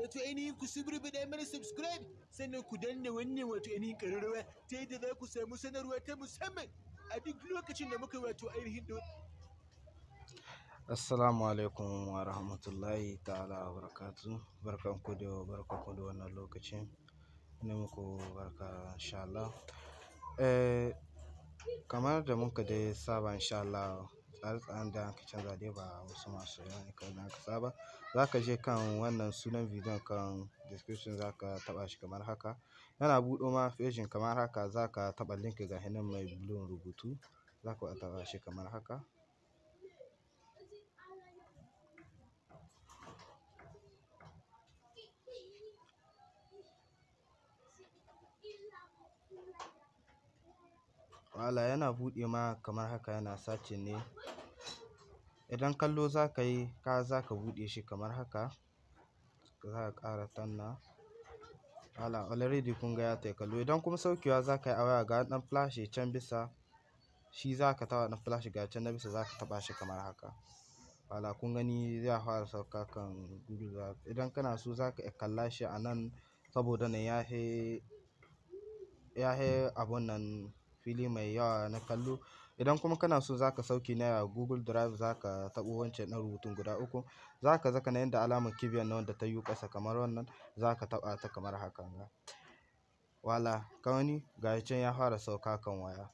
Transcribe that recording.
wato ainihin ku suburbuɗe mana subscribe sannan ku danna wannan wato ainihin ƙararrawa ta yadda za ku samu sanarwa ta musamman a duk lokacin da muka wato ainihin ɗau. Assalamu alaikum wa rahmatullahi ta'ala wa barakatu barkan ku da barkan ku da wannan lokacin ina muku barka insha Allah eh kamar da muka dai saba insha Allah tsare-tsaren da ka canza dai ba wasu masu yawa kawai da aka saba za ka je kan wannan sunan bidiyon kan description za ka taɓa shi kamar haka yana buɗo ma fejin kamar haka za ka taɓa link ga nan mai bulon rubutu za ka taɓa shi kamar haka wala yana buɗe ma kamar haka yana sace ne idan kallo za ka yi ka za ka buɗe shi kamar haka za ka ƙara tanna wala already kun ga ya tai kallo idan kuma saukewa za ka yi a waya ga ɗan flash can bisa shi za ka taɓa ɗan flash ga can na bisa za ka taɓa shi kamar haka wala kun gani zai fara sauka kan Google idan kana so za ka kalla shi a nan saboda nan ya he ya he abun nan fili mai yawa na kallo idan kuma kana so zaka sauke na google drive zaka taɓo wancan ɗan rubutun guda uku zaka zaka na inda alamar kibiyar na wanda ta yi ƙasa kamar wannan zaka taɓa ta kamar haka ga wala ka gani gashi can ya fara sauka kan waya